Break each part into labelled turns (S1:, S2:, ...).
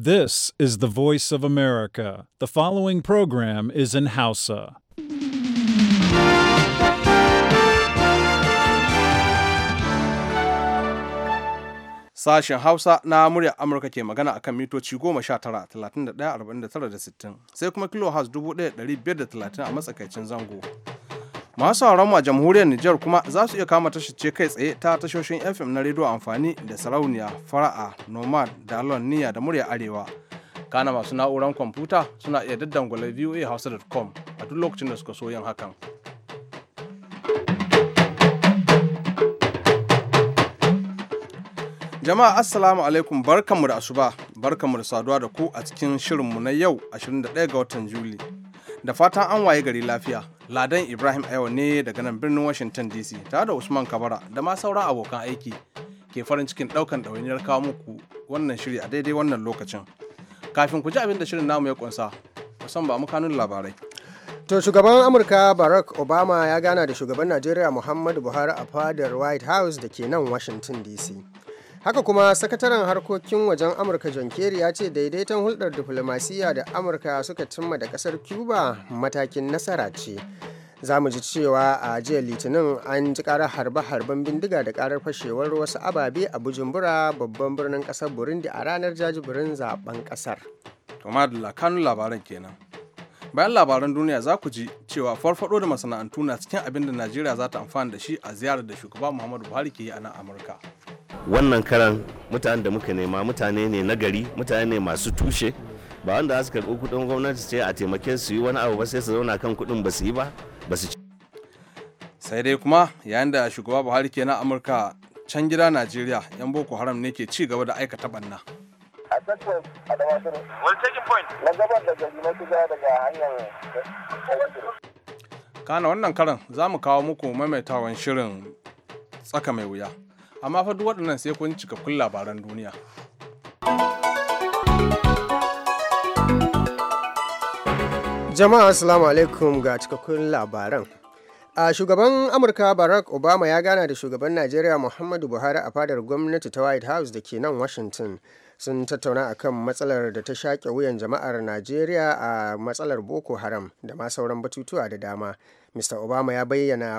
S1: This is the voice of America. The following program is in Hausa.
S2: Sashen Hausa na muryar Amurka ke magana akan mitoci 19, 31, sai kuma da 1530 a matsakaicin zango. masu sauran a jamhuriyar Nijar kuma za su iya kama tashar ce kai tsaye ta tashoshin FM na rediyo amfani da sarauniya, fara'a, nomad, da niyya da murya arewa. Kana masu na'uran kwamfuta suna iya daddangwale voahouse.com a duk lokacin da suka so yin hakan. Jama'a Assalamu alaikum barkanmu da asuba, barkanmu da saduwa da ku a cikin shirinmu na yau 21 ga watan Juli. Da fatan an waye gari lafiya. Ladan Ibrahim Ayo ne daga nan birnin Washington DC tare da Usman Kabara da ma saura abokan aiki ke farin cikin ɗaukan ɗawainiyar kawo muku wannan shiri a daidai wannan lokacin. Kafin ku ji abin da shirin namu ya kunsa, musamman ba mu kanun labarai.
S3: To shugaban Amurka Barack Obama ya gana da shugaban Najeriya Muhammadu Buhari a fadar White House da ke nan Washington DC. haka kuma sakataren harkokin wajen amurka john kerry ya ce daidaiton hulɗar diflomasiyya da amurka suka cimma da ƙasar cuba matakin nasara ce za mu ji cewa a jiya litinin an ji karar harbe-harben bindiga da karar fashewar wasu ababe a bujumbura babban birnin kasar burundi a ranar jajibirin zaben kasar.
S2: kanun labaran kenan. bayan labaran duniya za ku ji cewa farfado da masana'antu na cikin abin da najeriya za ta amfana da shi a ziyarar da shugaba muhammadu buhari ke yi a nan amurka
S4: wannan karan mutanen da muka nema mutane ne na gari mutane ne masu tushe ba wanda za su karɓi kuɗin gwamnati ce a taimake su yi wani abu ba sai su zauna kan kuɗin ba su yi ba ba su ci sai dai kuma yayin da shugaba buhari ke
S2: na amurka can gida najeriya yan boko haram ne ke ci gaba da aikata banna a kana wannan karan za mu kawo muku maimaitawan shirin tsaka mai wuya amma fa duk waɗannan sai kun cikakkun labaran duniya
S3: jama'a assalamu alaikum ga cikakkun labaran a shugaban amurka barack obama ya gana da shugaban najeriya muhammadu buhari a fadar gwamnati ta white house da ke nan washington sun tattauna kan matsalar da ta shaƙe wuyan jama'ar najeriya a matsalar boko haram da ma sauran batutuwa da dama mr obama ya bayyana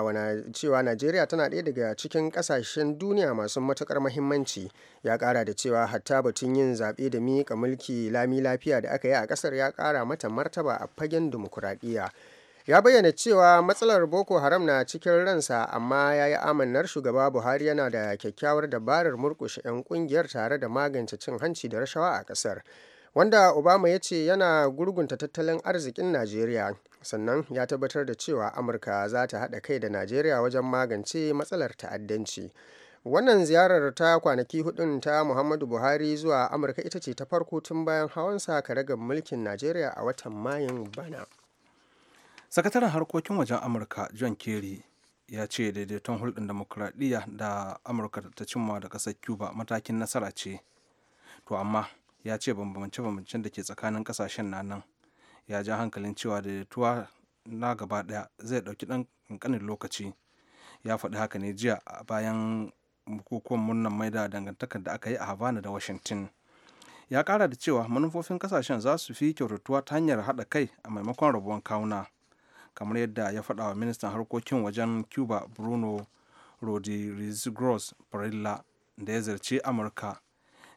S3: cewa najeriya tana ɗaya daga cikin ƙasashen duniya masu matuƙar mahimmanci ya ƙara da cewa hatta batun yin zaɓe da miƙa mulki lami lafiya da aka yi a ƙasar ya ƙara mata martaba a fagen dimokuraɗiyya ya bayyana cewa matsalar boko haram na cikin ransa amma ya yi amannar shugaba buhari yana da kyakkyawar dabarar murkushe 'yan kungiyar tare da magance cin hanci da rashawa a kasar wanda obama ya ce yana gurgunta tattalin arzikin najeriya sannan ya tabbatar da cewa amurka za ta haɗa kai da najeriya wajen magance matsalar ta'addanci wannan ziyarar ta kwanaki hudun ta muhammadu buhari zuwa amurka ita ce ta farko tun bayan hawansa karagar mulkin najeriya a watan mayun bana
S2: sakataren harkokin wajen amurka john kerry ya ce daidaiton hulɗin demokuraɗiyya da amurka ta cimma da ƙasar cuba matakin nasara ce to amma ya ce bambance-bambancen da ke tsakanin ƙasashen na nan ya ja hankalin cewa daidaituwa na gaba ɗaya zai ɗauki ɗan ƙanƙanin lokaci ya faɗi haka ne jiya bayan bukukuwan murnar maida dangantakar da aka yi a havana da washington ya ƙara da cewa manufofin ƙasashen za su fi kyautatuwa ta hanyar haɗa kai a maimakon rabuwan kawuna kamar yadda ya faɗa wa ministan harkokin wajen cuba bruno rodriguez parilla da ya zarce amurka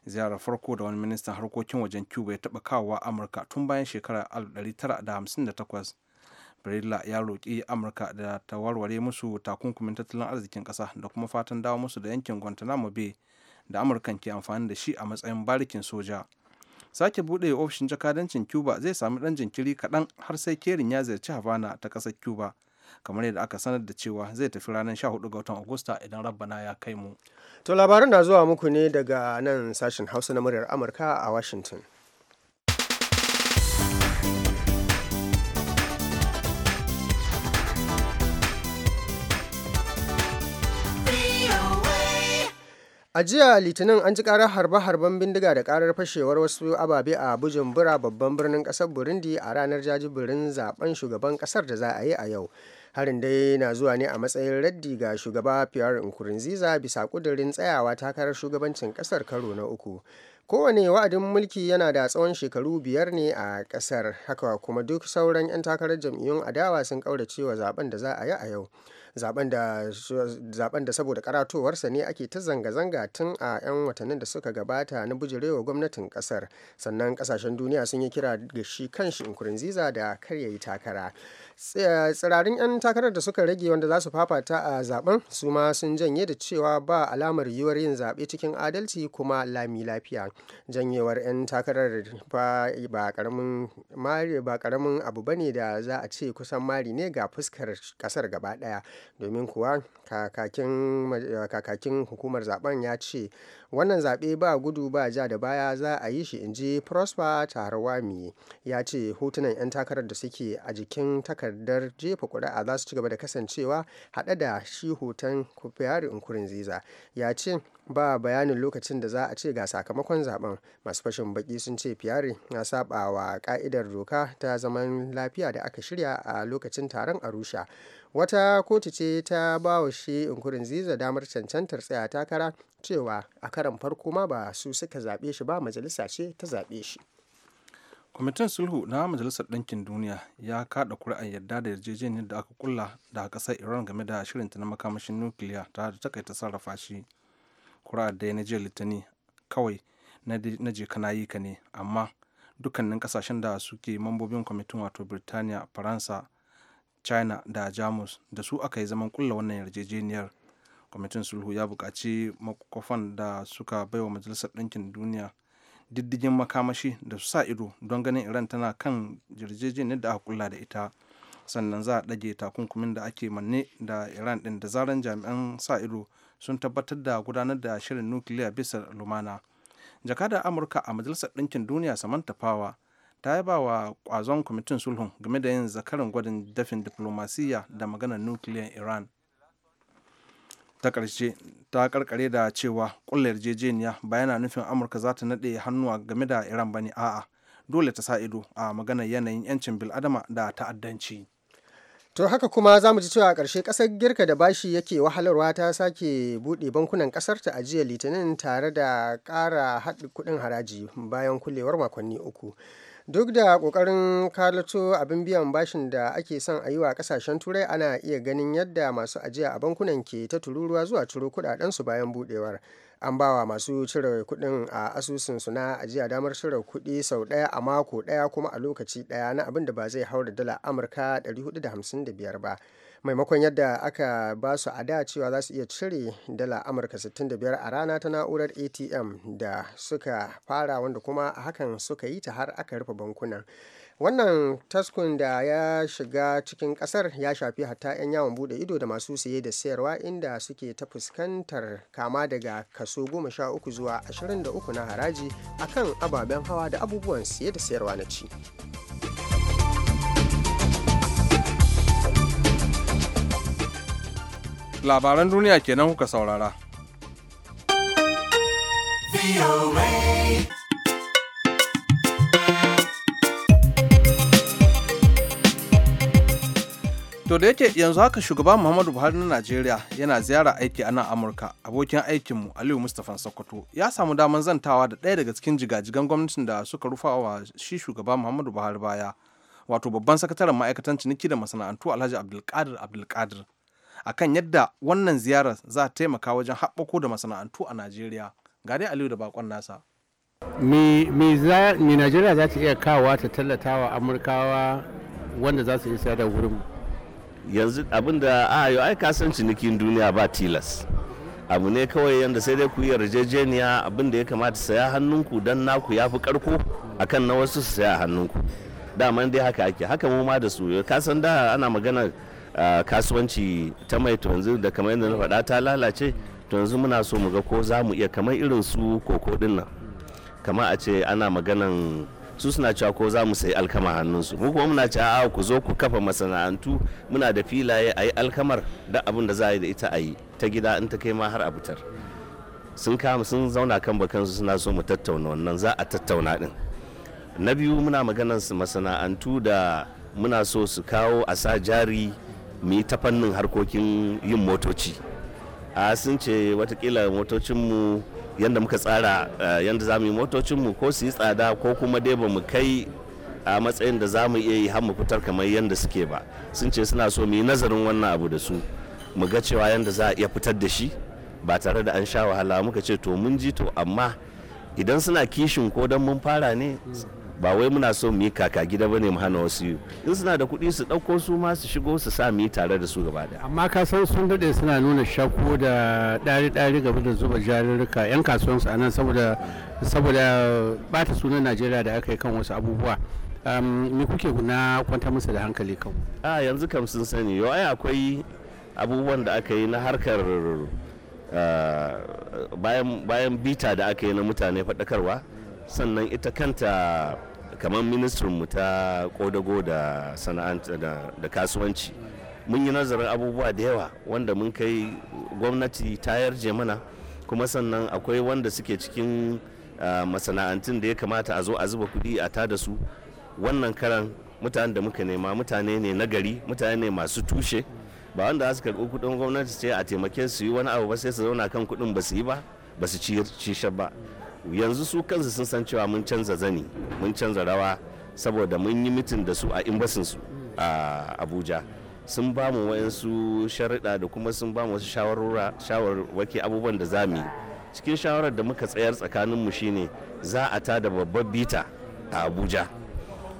S2: ziyarar farko da wani ministan harkokin wajen cuba ya taɓa kawowa amurka tun bayan shekarar 1958 Brilla ya roƙi Amurka da ta warware musu takunkumin tattalin arzikin ƙasa da kuma fatan dawo musu da yankin Guantanamo Bay da Amurkan ke amfani da shi a matsayin barikin soja. sake bude ofishin jakadancin cuba zai sami ɗan jinkiri kaɗan har sai kerin ya ziyarci habana ta ƙasar cuba kamar yadda aka sanar da cewa zai tafi ranar 14 ga watan agusta idan rabbana ya kai mu
S3: to labaran na zuwa muku ne daga nan sashen hausa na muryar amurka a washington a jiya litinin an ji karar harbe-harben bindiga da karar fashewar wasu ababe a bujumbura babban birnin kasar burundi a ranar jajibirin zaben shugaban kasar da za a yi a yau harin dai na zuwa ne a matsayin raddi ga shugaba pierre nkurunziza bisa kudirin tsayawa takarar shugabancin kasar karo na uku kowane wa'adin mulki yana da tsawon shekaru biyar ne a kasar haka kuma duk sauran 'yan takarar jam'iyyun adawa sun kaurace wa zaben da za a yi a yau zaben da saboda karatowarsa ne ake ta zanga-zanga tun a 'yan watannin da suka gabata na bujirewa gwamnatin kasar sannan kasashen duniya sun yi kira ga shi kan shi da kar ya yi takara Eh, tsirarin 'yan takarar da suka rage wanda za su fafata a zaben su ma sun janye da cewa ba alamar yiwuwar yin zaɓe cikin adalci kuma lami lafiya janyewar 'yan takarar ba karamin abu ba ne da za a ce kusan mari ne ga fuskar kasar gaba ɗaya domin kuwa kakakin eh, hukumar zaben ya ce wannan zaɓe ba gudu ba ja da baya za a yi shi in ji prosper taharwami ya ce hotunan 'yan takarar da suke a jikin takarar takardar jefa kuri'a za su ci gaba da kasancewa haɗe da shi hoton kufiyari ziza ya ce ba bayanin lokacin da za a ce ga sakamakon zaben masu fashin baki sun ce fiyari na saba wa ka'idar doka ta zaman lafiya da aka shirya a lokacin taron arusha wata kotu ce ta ba wa shi ziza damar cancantar tsaya takara cewa a karan farko ma ba su suka zaɓe shi ba majalisa ce ta zaɓe shi
S2: kwamitin sulhu na majalisar ɗinkin duniya ya kaɗa kuri'ar yarda da yarjejeniyar da aka kulla da ƙasar iran game da shirinta na makamashin nukiliya tare da takaita sarrafa shi kuri'ar da na jiya litani kawai na je kana yi ka ne amma dukkanin ƙasashen da suke mambobin kwamitin wato birtaniya faransa china da jamus da su aka yi zaman kulla wannan yarjejeniyar kwamitin sulhu ya buƙaci makwafan da suka baiwa majalisar ɗinkin duniya diddigin makamashi da su sa ido don ganin iran tana kan yarjejeniyar da aka kula da ita sannan za a ɗage takunkumin da ake manne da iran ɗin da zaran jami'an sa ido sun tabbatar da gudanar da shirin nukiliya bisa lumana jakadar amurka a majalisar ɗinkin duniya samantha power ta yaba wa kwazon kwamitin sulhun game da yin zakarin gwadin dafin diflomasiyya da maganar nukiliyan iran ta ƙarshe ta karkare da cewa ƙulla yarjejeniya ba yana nufin amurka za ta naɗe hannuwa game da
S3: iran ba ne a'a dole ta sa ido a maganar yanayin 'yancin bil'adama da ta'addanci To haka kuma za mu ji cewa a ƙarshe ƙasar Girka da bashi yake wahalarwa ta sake buɗe bankunan ƙasar ta ajiya Litinin tare da ƙara haɗi kuɗin haraji bayan kulewar makonni uku. Duk da ƙoƙarin kalato abin biyan bashin da ake son a yi wa ƙasashen turai ana iya ganin yadda masu ajiya a bankunan ke ta tururuwa zuwa turo kuɗaɗensu bayan buɗewar. an bawa masu cire kuɗin a asusun su na ajiya damar cire kuɗi sau ɗaya a mako ɗaya kuma a lokaci ɗaya na abin da ba zai haura dala amurka 455 ba maimakon yadda aka ba su a da cewa za su iya cire dala amurka 65 a rana ta na'urar atm da suka fara wanda kuma a hakan suka yi ta har aka rufe bankunan wannan taskun da ya shiga cikin kasar ya shafi hatta 'yan yawon bude ido da masu saye da sayarwa inda suke ta fuskantar kama daga kaso 13 zuwa 23 na haraji akan ababen hawa da abubuwan saye da sayarwa na ci
S2: labaran duniya kenan kuka saurara. to da yake yanzu haka shugaba muhammadu buhari na najeriya yana ziyara aiki a nan amurka abokin aikinmu aliyu mustapha sokoto ya samu damar zantawa da ɗaya daga cikin jigajigan gwamnatin da suka rufa wa shi shugaban muhammadu buhari baya wato babban sakataren ma'aikatan ciniki da masana'antu alhaji abdulkadir abdulkadir akan yadda wannan ziyarar za ta taimaka wajen haɓɓako da masana'antu a najeriya ga dai aliyu da bakon nasa
S5: me najeriya za ta iya kawo ta tallatawa amurkawa wanda za su iya sayar da wurin
S4: yanzu abin da a yau ai kasan cinikin duniya ba tilas abu ne kawai yadda sai dai ku yi yarjejeniya abin da ya kamata saya hannunku don naku ya fi karko akan na wasu su saya hannunku daman dai haka ake haka mu ma da su kasan da ana magana kasuwanci ta mai to yanzu da kamar yadda na faɗa ta lalace to yanzu muna so mu ga ko za mu iya kamar irin su koko dinnan kama a ce ana maganan su suna cewa ko za mu sayi alkama hannunsu mu kuma muna cewa ku zo ku kafa masana'antu muna da filaye a yi alkamar da abin da za a yi da ita a yi ta gida in ta kai ma har a fitar sun kama sun zauna kan bakansu suna so mu tattauna wannan za a tattauna din na biyu muna maganar su masana'antu da muna so su kawo a sa jari mu yi ta fannin harkokin yin motoci a sun ce watakila motocinmu yadda muka tsara eh, yadda za mu yi motocinmu ko su yi tsada ko kuma dai ba mu kai a matsayin da za mu iya yi har mu fitar kamar yadda suke ba sun ce suna so mu yi nazarin wannan abu da su mu ga cewa yadda za a iya fitar da shi ba tare da an sha wahala muka ce to mun ji to amma idan suna kishin ko don mun fara ne ba wai muna so mu yi kaka gida bane mu hana wasu in suna da kuɗi su ɗauko su ma su shigo su sa mu yi tare da su gaba da
S5: amma ka san sun dade suna nuna shakku da ɗari ɗari gaba da zuba jarurruka yan kasuwan a nan saboda saboda bata sunan najeriya da aka yi kan wasu abubuwa me kuke na kwanta musu da hankali kan
S4: a yanzu kam sun sani yau ai akwai abubuwan da aka yi na harkar ah, bayan bita da aka yi na mutane faɗakarwa sannan ita kanta kamar ministrinmu ta kodago da sana'anta da kasuwanci mun yi nazarin abubuwa da yawa wanda mun kai gwamnati ta yarje mana kuma sannan akwai wanda suke cikin ah, masana'antun da ya kamata a zo a zuba kudi a tada su wannan karan mutanen da muka nema mutane ne na gari mutane ne masu tushe ba wanda su karɓi kuɗin gwamnati sai a taimake su yi wani abu ba sai su zauna kan kuɗin ba su yi ba ba su ci ba yanzu su kansu sun san cewa mun canza zani mun canza rawa saboda mun yi mitin da su a imbasin a abuja sun ba mu wayansu sharida da kuma sun ba mu wasu shawarwaki abubuwan da za mu yi cikin shawarar da muka tsayar tsakaninmu shine za a ta da babbar bita a abuja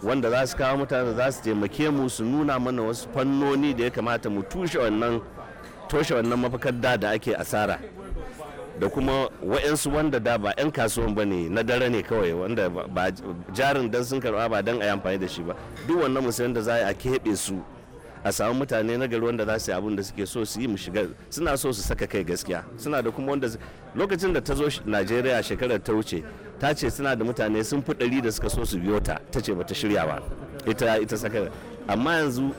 S4: wanda za su kawo mutane za su taimake mu su nuna mana wasu fannoni da ya kamata mu tushe wannan toshe wannan mafakar da ake asara da kuma wa'yansu wanda da ba 'yan kasuwan ba ne na dare ne kawai wanda ba jarin dan sun karba ba dan a yi amfani da shi ba duk wannan musayen da za a keɓe su a samu mutane na gari wanda za su yi abin da suke so su yi mu shiga suna so su saka kai gaskiya suna da kuma wanda lokacin da ta zo najeriya shekarar ta wuce ta ce suna da mutane sun fi ɗari da suka so su biyo ta ta ce bata shirya ba ita ita saka amma yanzu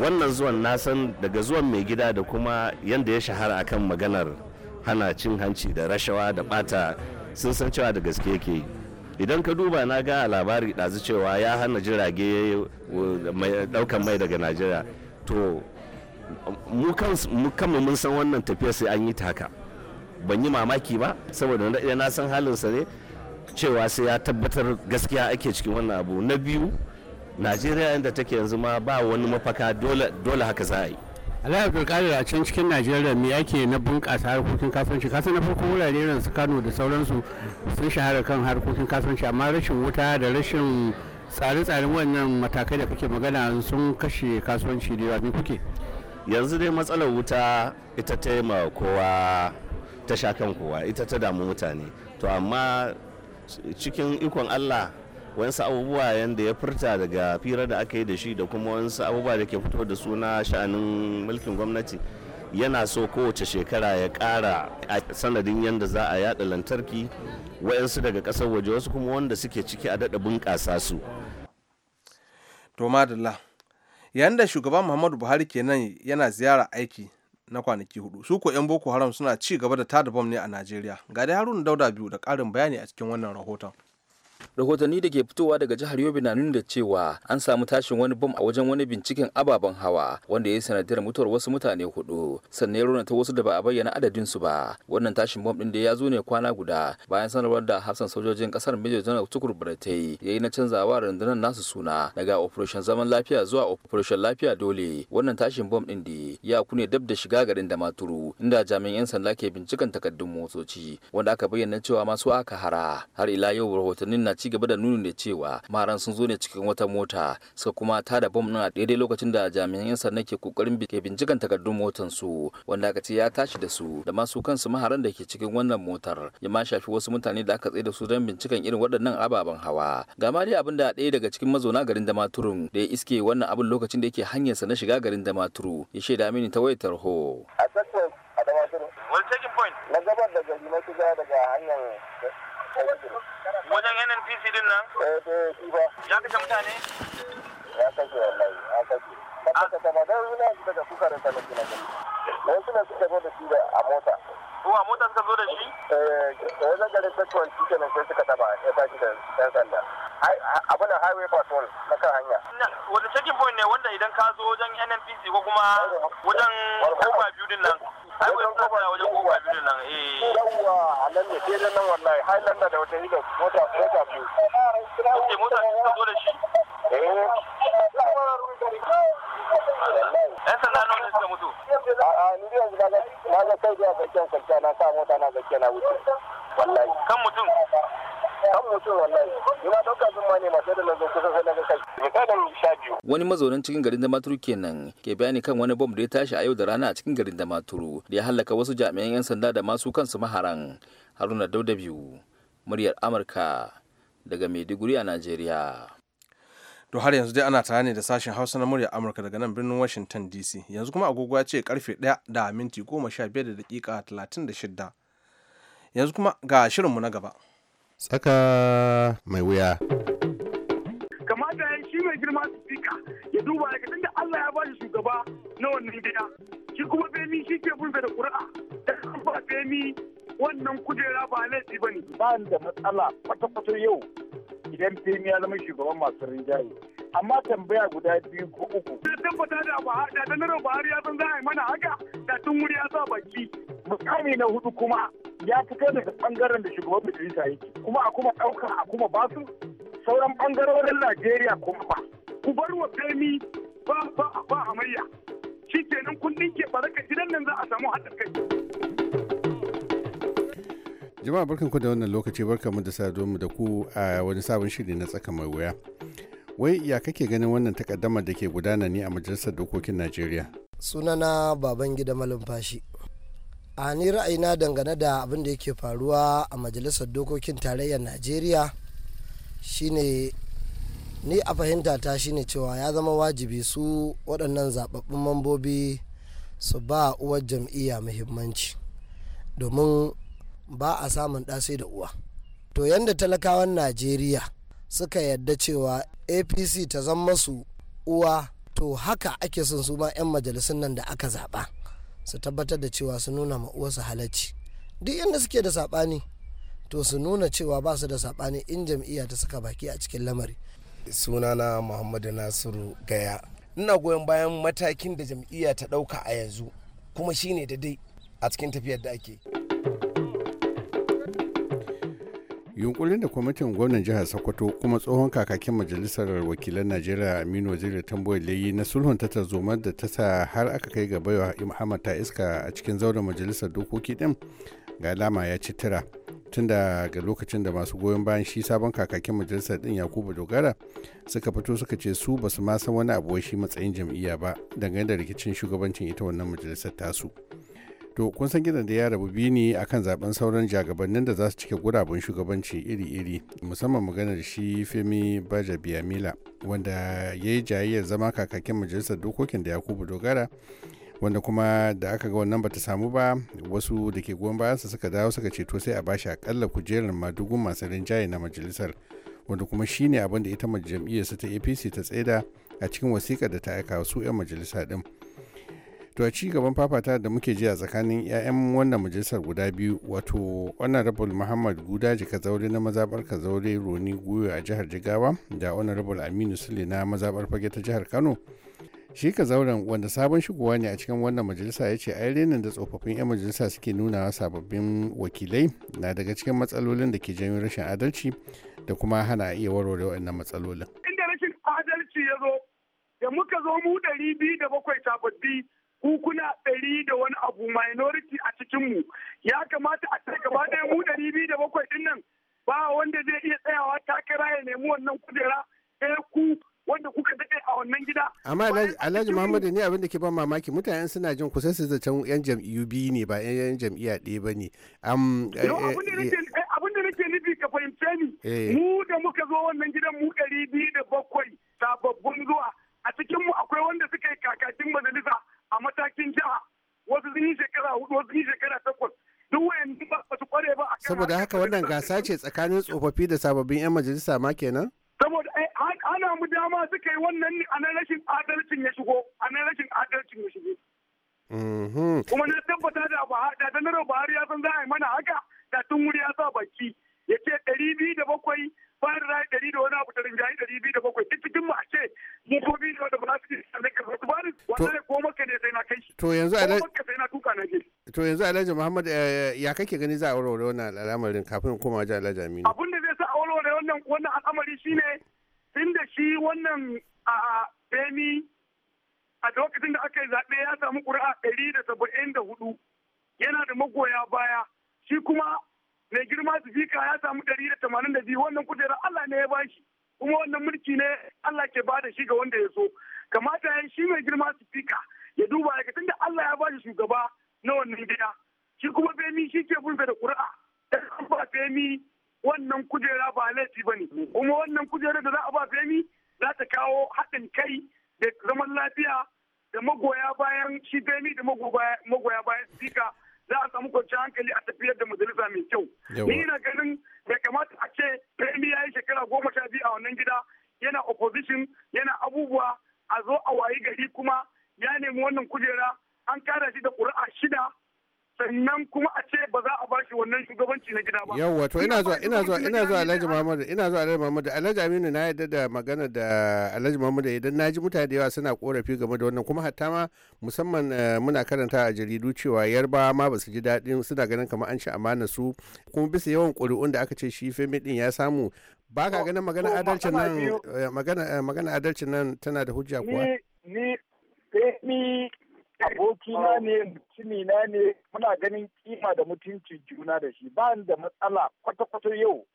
S4: wannan zuwan na san daga zuwan mai gida da kuma yanda ya shahara akan maganar hana cin hanci da rashawa da bata sun san cewa da gaske yake yi idan ka duba na ga labari ɗazu cewa ya hana jirage ɗaukan mai daga najeriya to mu kanmu mun san wannan tafiya sai an yi ta haka ban yi mamaki ba saboda na na san halinsa ne cewa sai ya tabbatar gaskiya ake cikin wannan abu na biyu najeriya inda take yanzu ma ba wani mafaka dole haka za a yi
S5: Alhaji Abdulkadir a can cikin Najeriya me yake na bunƙasa harkokin kasuwanci kasan na farko wurare irin su Kano da sauransu sun shahara kan harkokin kasuwanci amma rashin wuta da rashin tsare-tsaren wannan matakai da kake magana sun kashe kasuwanci
S4: da yawa kuke yanzu dai matsalar wuta ita ta ma kowa ta sha kan kowa ita ta damu mutane to amma cikin ikon Allah wasu abubuwa yadda ya furta daga firar da aka yi da shi da kuma wasu abubuwa da ke fito da suna sha'anin mulkin gwamnati yana so kowace shekara ya kara a sanadin yadda za a yada lantarki wayansu daga ƙasar waje wasu kuma wanda suke ciki a dada bunƙasa su. to yayin da shugaban
S2: muhammadu buhari kenan yana ziyara aiki na kwanaki hudu su ko yan boko haram suna ci gaba da
S1: tada bom ne a najeriya ga dai haruna dauda biyu da karin bayani a cikin wannan rahoton. rahotanni da ke fitowa daga jihar yobe na nuna da cewa an samu tashin wani bom a wajen wani binciken ababen hawa wanda ya yi sanadiyar mutuwar wasu mutane hudu sannan ya ta wasu da ba a bayyana adadin ba wannan tashin bom din da ya zo ne kwana guda bayan sanarwar da hafsan sojojin kasar major general tukur buratai ya yi na canzawa rundunar nasu suna daga operation zaman lafiya zuwa operation lafiya dole wannan tashin bom din da ya kune dab da shiga garin da maturu inda jami'an 'yan sanda ke binciken takardun motoci wanda aka bayyana cewa masu aka hara har ila yau rahotannin na ci gaba da nuni da cewa maharan sun zo ne cikin wata mota suka kuma da bom ɗin a daidai lokacin da jami'an 'yan sanda ke kokarin ke bincikan takardun motar su wanda aka ce ya tashi da su da masu kansu maharan da ke cikin wannan motar ya ma shafi wasu mutane da aka tsaye da su don bincikan irin waɗannan ababen hawa ga ma dai abin da ɗaya daga cikin mazauna garin Damaturu da ya iske wannan abin lokacin da yake sa na shiga garin Damaturu ya shaida mini ta wayar tarho a a
S6: na gabar da gari na shiga daga hanyar wajen yanin pc din nan eh to ba ya kashe mutane ya kashe wallahi ya kashe kasa kasa ba dan wani daga kuka da rasa na gina gani wasu na suka zo da shi da a mota ko a mota ka zo da shi eh da eh, zagarin petrol shi kenan sai suka taba ya tashi da yan sanda abin da highway patrol na kan hanya wani checking point ne wanda idan ka zo wajen NNPC ko kuma wajen kofa biyu din nan highway suna tsaya wajen kofa biyu din nan eh. yawwa a nan ne sai nan wallahi highlander da wata mota mota biyu
S1: mazaunin cikin garin Damaturu kenan ke bayani kan wani bom da ya tashi a yau da rana a cikin garin Damaturu da ya halaka wasu jami'an 'yan sanda da masu kansu maharan. Haruna Dauda biyu muryar Amurka daga Maiduguri a Najeriya.
S2: To har yanzu dai ana tare ne da sashen Hausa na muryar Amurka daga nan birnin Washington DC. Yanzu kuma agogo ya ce karfe 1 da minti 15 da dakika 36. Yanzu kuma ga shirinmu na gaba.
S5: Tsaka mai wuya.
S7: mai girma sika ya duba daga ya da Allah ya ba shugaba na wannan gida shi kuma bemi shi ke bulbe da ƙura'a da kan ba bemi wannan kujera ba laifi ba ne. Ba da matsala kwata yau idan bemi ya zama shugaban masu rinjaye. amma tambaya guda biyu ko uku. Na tabbata da da janar Buhari ya san za mana haka da tun wuri ya sa baki. Mukami na hudu kuma ya fito daga bangaren da shugaban majalisa yake kuma a kuma ɗauka a kuma basu sauran bangarorin Najeriya kuma ku bar wa kaimi ba ba ba hamayya shi kenan kun dinke baraka gidan nan za a samu haɗin kai
S5: jama'a barkanku da wannan lokaci barkanmu da sadu mu da ku a wani sabon shiri na tsaka mai wuya wai ya kake ganin wannan takaddamar da ke gudana ne a majalisar dokokin najeriya
S6: sunana baban gida malumfashi a ni ra'ayina dangane da abin da yake faruwa a majalisar dokokin tarayyar najeriya shine ni a fahimta ta shine cewa ya zama wajibi su waɗannan zababbun mambobi su ba uwar jam'iyya muhimmanci domin ba a samun ɗasai da uwa to yadda talakawan najeriya suka yadda cewa apc ta zama su uwa to haka ake son su ma 'yan majalisun nan da aka zaɓa su tabbatar da cewa su nuna ma uwarsu halacci duk yadda suke da saɓani to su nuna cewa ba su da saɓani in jam'iyya ta saka baki a cikin lamari sunana muhammadu nasiru gaya ina goyon bayan matakin da jam'iyya ta ɗauka a yanzu kuma shine da dai a cikin tafiyar da ake
S5: yunkurin da kwamitin gwamnan jihar sokoto kuma tsohon kakakin majalisar wakilan najeriya aminu waziri tambayi layi na sulhun ta tarzoma da ta sa har aka kai ga baiwa muhammad ta iska a cikin zauren majalisar dokoki din ga alama ya ci tira tun daga lokacin da masu goyon bayan shi sabon kakakin majalisar din yakubu dogara suka fito suka ce su basu ma san wani abu shi matsayin jam'iyya ba dangane da rikicin shugabancin ita wannan majalisar tasu to kun san gidan da ya rabu biyu ne akan zaben sauran jagabannin da za su cike gurabun shugabanci iri-iri musamman maganar shi femi baja biyamila wanda ya yi jayayyar zama kakakin majalisar dokokin da yakubu dogara wanda kuma da aka ga wannan bata samu ba wasu da ke goyon su suka dawo suka ce to sai a bashi akalla kujerar madugun masu rinjaye na majalisar wanda kuma shine abin da ita jam'iyyarsa ta apc ta tsaida a cikin wasiƙar da ta aika su 'yan majalisa din to a ci gaban fafata da muke ji a tsakanin 'ya'yan wannan majalisar guda biyu wato honorable muhammad guda jika zaure na mazabar zaure roni goyo a jihar jigawa da honorable aminu sule na mazabar fage ta jihar kano shi ka zauren wanda sabon shigowa ne a cikin wannan majalisa ya ce ai renin da tsofaffin 'yan majalisa suke nunawa sababbin wakilai na daga cikin matsalolin da ke janyo rashin adalci da kuma hana iya warware wannan matsalolin
S7: inda rashin adalci ya zo da muka zo mu ɗari biyu da bakwai sababbi kukuna ɗari da wani abu minority a cikin mu ya kamata a ta gaba ɗaya mu ɗari biyu da bakwai ɗin nan ba wanda zai iya tsayawa takara ya nemi wannan kujera ɗaya eh, ku wanda kuka daɗe a wannan gida. Amma
S5: Alhaji Muhammadu ne abin da ke ban mamaki mutanen suna jin kusa su zaton 'yan jam'iyyu biyu ne ba 'yan jam'iyya ɗaya ba ne. Eh, eh, eh,
S7: abin da nake nufi ka fahimce ni mu da muka zo wannan gidan mu ɗari biyu da bakwai sababbin zuwa a cikin mu akwai wanda suka yi kakakin majalisa a matakin jiha wasu sun yi shekara hudu wasu sun yi shekara takwas duk wayan ba su kware ba
S5: saboda haka wannan gasa ce tsakanin tsofaffi da sababbin 'yan majalisa ma kenan.
S7: saboda eh, ana mu dama suka yi wannan a nan rashin adalcin ya shigo a nan rashin adalcin ya shigo mm-hmm. kuma na tabbata da da janaral buhari ya san za a yi mana haka da tun wuri ya sa baki ya ce ɗari biyu da bakwai fara rayu ɗari da wani abu da rinjaye ɗari biyu da bakwai duk cikin mu a ce mu ko biyu da ba su ji sannan ka fasu bani wallahi ko maka ne sai na kai shi to yanzu alhaji ko sai na tuka na je
S5: to yanzu alhaji muhammad eh, ya kake gani za a warware wannan al'amarin kafin koma ji alhaji aminu
S7: magoya bayan sika za a samu kwanciyar hankali a tafiyar da majalisa mai kyau. Ni na ganin bai kamata a ce Femi ya yi shekara goma sha biyu a wannan gida yana opposition yana abubuwa a zo a wayi gari kuma ya nemi wannan kujera an kara shi da ƙuri'a shida sannan kuma a ce ba za shi wannan shugabanci na gida ba yawa to ina zuwa ina zuwa ina
S5: zuwa Alhaji Muhammad ina zuwa Alhaji Muhammad Alhaji Aminu na yadda da magana da Alhaji Muhammad idan naji mutane da yawa suna korafi game da wannan kuma hatta ma musamman eh, muna karanta a jaridu cewa yarba ma basu ji daɗin suna ganin kamar an ci amana su kuma bisa yawan ƙuri'un da aka ce shi femi din ya samu ba ka ganin magana adalcin nan eh, eh, magana adalcin nan tana da hujja kuwa
S7: ni abokina ne mutumina ne muna ganin kima da mutuncin juna da shi ba da matsala kwata-kwata yau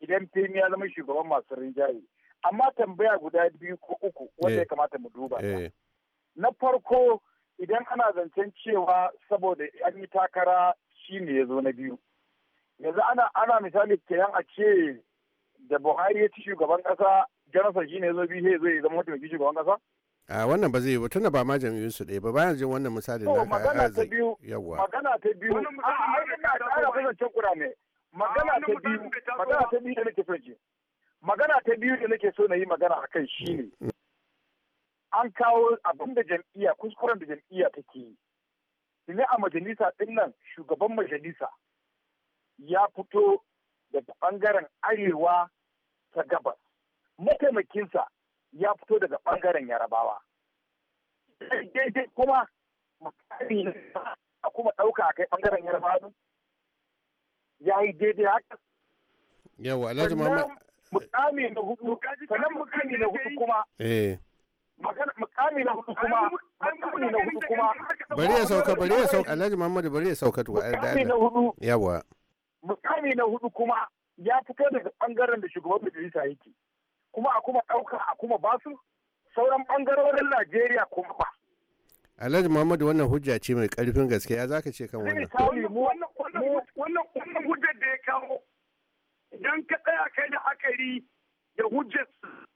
S7: idan fim ya zama shugaban masu rinjaye amma tambaya guda biyu ko uku wanda ya eh. kamata mu duba eh. na farko idan ana zancen cewa saboda an yi takara shi ne ya zo na biyu yanzu ana ana misali kenan a ce da buhari ya ci shugaban kasa janasa shi ne ya zo biyu ya zo ya zama mataimakin shugaban kasa
S5: a wannan ba zai yi ba ba ma jam'iyyun su ɗaya ba bayan jin wannan misalin na magana ta biyu magana
S7: ta biyu a a ƙara kusancin magana ta biyu magana ta biyu da nake so magana ta biyu da nake so na yi magana a kai ne. Mm. an kawo abin da jam'iyya kuskuren da jam'iyya take yi ne a majalisa din nan shugaban majalisa ya fito daga bangaren arewa ta gabas mataimakinsa ya fito daga bangaren yarabawa daidai kuma makari a kuma ɗauka a kai bangaren yarabawa ya yi daidai haka
S5: yawa alhaji muhammad
S7: mukami na hudu sannan mukami na hudu kuma eh na hudu kuma na hudu kuma
S5: bari ya sauka bari ya sauka alhaji muhammadu bari ya sauka tuwa mukami na hudu yawa
S7: mukami na hudu kuma ya fito daga bangaren da shugaban majalisa yake kuma a kuma ɗauka a kuma basu sauran ɓangarorin Najeriya kuma ba.
S5: Alhaji Muhammadu wannan hujja ce mai ƙarfin gaske ya zaka ce kan wannan.
S7: Wannan hujjar da ya kawo idan ka tsaya kai da akari da hujjar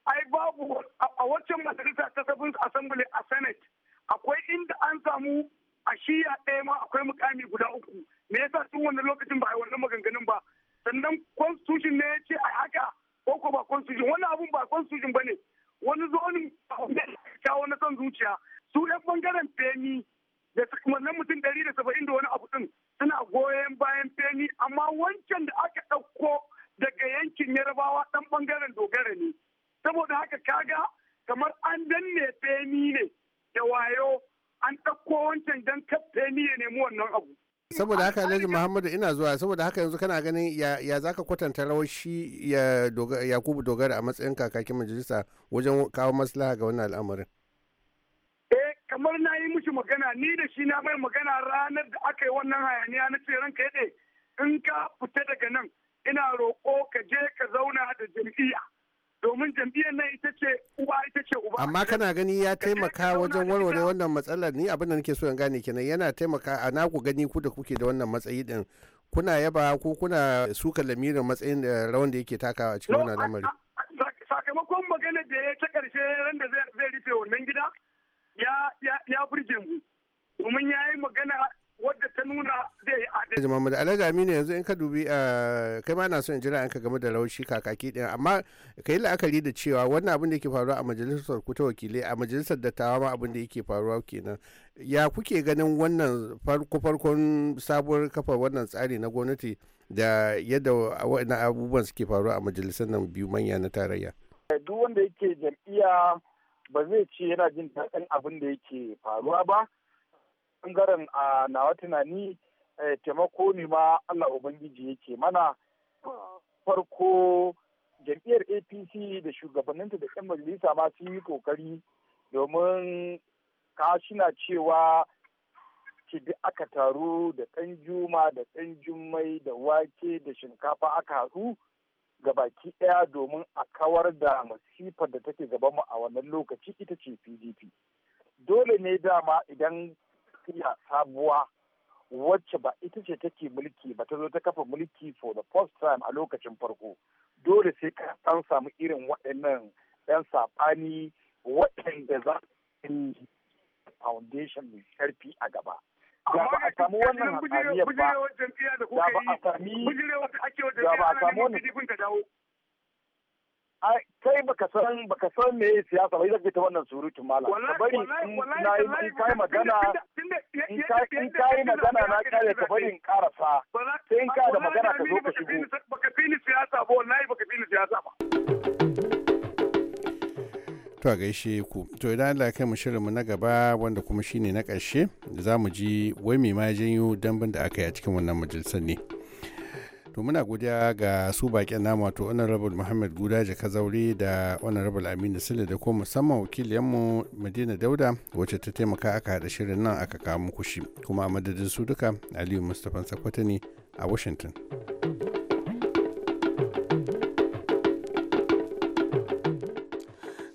S7: ai babu a wancan majalisa ta sabon assembly a senate akwai inda an samu a shiya ɗaya ma akwai mukami guda uku me yasa tun wannan lokacin ba a yi wannan maganganun ba sannan constitution ne ya ce a haka ko ko ba constitution wani abun ba constitution bane wani zonin kawo na son zuciya su yan bangaren femi da wannan mutum ɗari da saba'in da wani abu suna goyon bayan femi amma wancan da aka ɗauko daga yankin yarabawa ɗan bangaren dogara ne saboda haka kaga kamar an danne femi ne da wayo an ɗauko wancan dan kaf femi ya nemi wannan abu
S5: saboda haka alhaji muhammadu ina zuwa saboda haka yanzu kana ganin ya za ka kwatanta rawar shi yakubu dogara a matsayin kakakin majalisa wajen kawo maslaha ga wannan al'amarin
S7: eh kamar na yi mishi magana ni da shi na mai magana ranar da aka yi wannan hayaniya na ce ranka yaɗe in ka fita daga nan ina roƙo ka je ka zauna da jam'iyya domin jam'iyyar nan ita ce uwa ita ce uba amma kana
S5: gani ya taimaka wajen warware wannan matsalar ni abin da nake so in gane kenan yana taimaka a na ku gani ku da kuke da wannan matsayi din kuna yaba ko kuna suka lamirin matsayin da rawan da yake takawa a cikin wannan lamari
S7: sakamakon magana da ya ta karshe ran da zai rufe wannan gida ya ya burge mu domin yayi magana Alhaji
S5: Alhaji Aminu yanzu in ka dubi eh, kai ma na so in jira ka game da laushi kakaki din amma ka yi la'akari da cewa wannan abin da yake faruwa a majalisar ku ta wakilai a majalisar dattawa ma abin da yake faruwa kenan ya kuke ganin wannan farko farkon sabuwar kafa wannan tsari na gwamnati da yadda waɗannan abubuwan suke faruwa a majalisar nan biyu manya na tarayya.
S7: Duk wanda yake jam'iyya ba zai ce yana jin daɗin abin da yake faruwa ba. Bangaren a ah, nawa tunani Eh, taimako ne ma Allah Ubangiji yake mana farko jam'iyyar APC da shugabanninta da 'yan majalisa ma sun yi kokari domin kashina cewa ki bi aka taru da ɗan juma da ɗan jummai da wake da shinkafa aka haɗu ga baki ɗaya domin a kawar da masifar da take gabanmu a wannan lokaci ita ce pdp dole ne dama idan ya sabuwa wacce ba ita ce take mulki ba ta zo ta kafa mulki for the first time a lokacin farko dole sai ka dan samu irin waɗannan ɗan saɓani waɗanda za su yi foundation mai ƙarfi a gaba. Da ba a samu wannan hatsaniyar ba, da ba a sami, da ba a samu wannan kai baka san baka san me yake siyasa ba zaka ta wannan surutun malam ka bari na yi in kai magana in kai kai magana na kare ka bari in karasa sai in ka da magana ka zo ka shigo baka fili siyasa ba wallahi baka fili siyasa ba
S5: To a gaishe ku, to idan Allah kai mu mu na gaba wanda kuma shine na ƙarshe za mu ji wai mai ma janyo dambin da aka yi a cikin wannan majalisar ne. to muna godiya ga su bakin namu wato honorable muhammad guda jaka zaure da honorable aminu sule da ko musamman wakiliyanmu madina dauda wacce ta taimaka aka haɗa shirin nan aka kawo muku shi kuma a madadin su duka aliyu mustapha sakwata ne a washington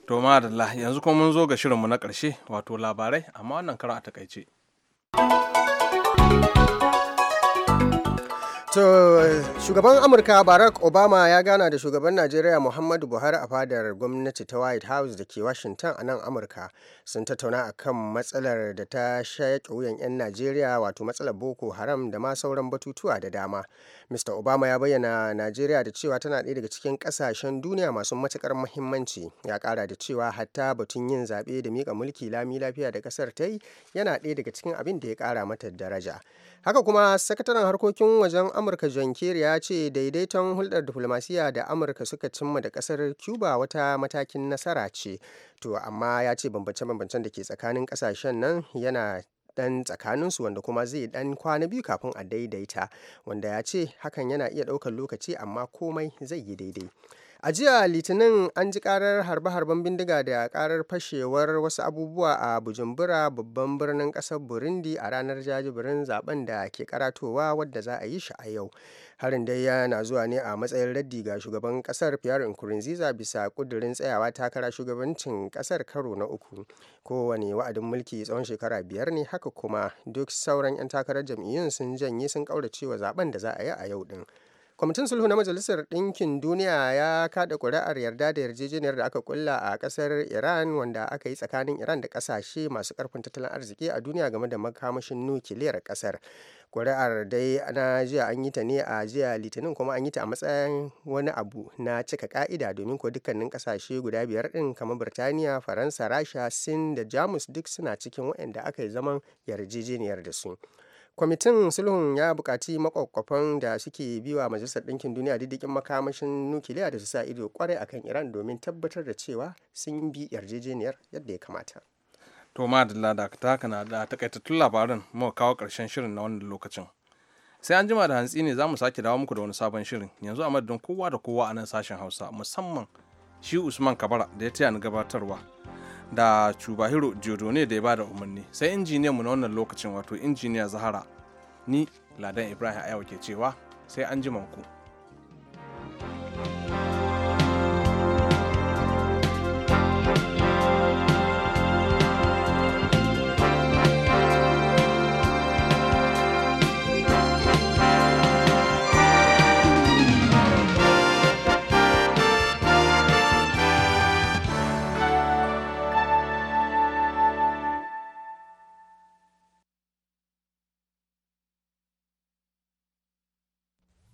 S2: to yanzu kuma mun zo ga shirinmu na karshe wato labarai amma wannan karan a takaice.
S3: To shugaban Amurka Barack Obama ya gana da shugaban Najeriya Muhammadu Buhari a fadar gwamnati ta White House da ke Washington a nan Amurka sun tattauna a kan matsalar da ta shaƙe wuyan 'yan Najeriya wato matsalar Boko Haram da ma sauran batutuwa da dama. Mr. Obama ya bayyana Najeriya da cewa tana ɗaya daga cikin ƙasashen duniya masu matuƙar muhimmanci ya ƙara da cewa hatta batun yin zaɓe da miƙa mulki lami lafiya da ƙasar ta yi yana ɗaya daga cikin abin da ya ƙara mata daraja. Haka kuma, Sakataren Harkokin Wajen Amurka John Kerry ya ce daidaiton hulɗar diflomasiyya da Amurka suka cimma da ƙasar Cuba wata matakin nasara ce. To, amma ya ce bambance-bambancen da ke tsakanin ƙasashen nan yana dan tsakaninsu wanda kuma zai dan kwana biyu kafin a daidaita wanda ya ce hakan yana iya ɗaukar lokaci amma komai zai yi daidai. A jiya Litinin an ji karar harbe-harben bindiga da karar fashewar wasu abubuwa a Bujumbura babban birnin kasar Burundi a ranar jajibirin zaben da ke karatowa wadda za a yi shi a yau. Harin dai yana zuwa ne a matsayin raddi ga shugaban kasar Pierre Nkurunziza bisa kudirin tsayawa takara shugabancin kasar karo na uku. Kowane wa'adin mulki tsawon shekara biyar ne haka kuma duk sauran 'yan takarar jam'iyyun sun janye sun kauracewa zaben da za a yi a yau din. kwamitin sulhu na majalisar ɗinkin duniya ya kada ƙuri'ar yarda da yarjejeniyar da aka kulla a ƙasar iran wanda aka yi tsakanin iran da ƙasashe masu ƙarfin tattalin arziki a duniya game da makamashin nukiliyar ƙasar ƙuri'ar dai na jiya an yi ta ne a jiya litinin kuma an yi ta a matsayin wani abu na cika ka'ida domin ko dukkanin ƙasashe guda biyar ɗin kamar birtaniya faransa rasha sin da jamus duk suna cikin waɗanda aka yi zaman yarjejeniyar da su kwamitin sulhun ya bukaci makwakkwafan da suke biwa majalisar ɗinkin duniya didikin makamashin nukiliya da su sa ido kwarai akan iran domin tabbatar da cewa sun bi yarjejeniyar yadda ya kamata
S2: to ma da dakata kana da takaitattun labarin muka kawo karshen shirin na wannan lokacin sai an jima da hantsi ne za mu sake dawo muku da wani sabon shirin yanzu a madadin kowa da kowa a nan sashen hausa musamman shi usman kabara da ya taya ni gabatarwa da Chubahiro Jodo ne da ya bada umarni sai injiniyan mu na wannan lokacin wato injiniya Zahara ni Ladan Ibrahim Ayawa ke cewa sai an ku.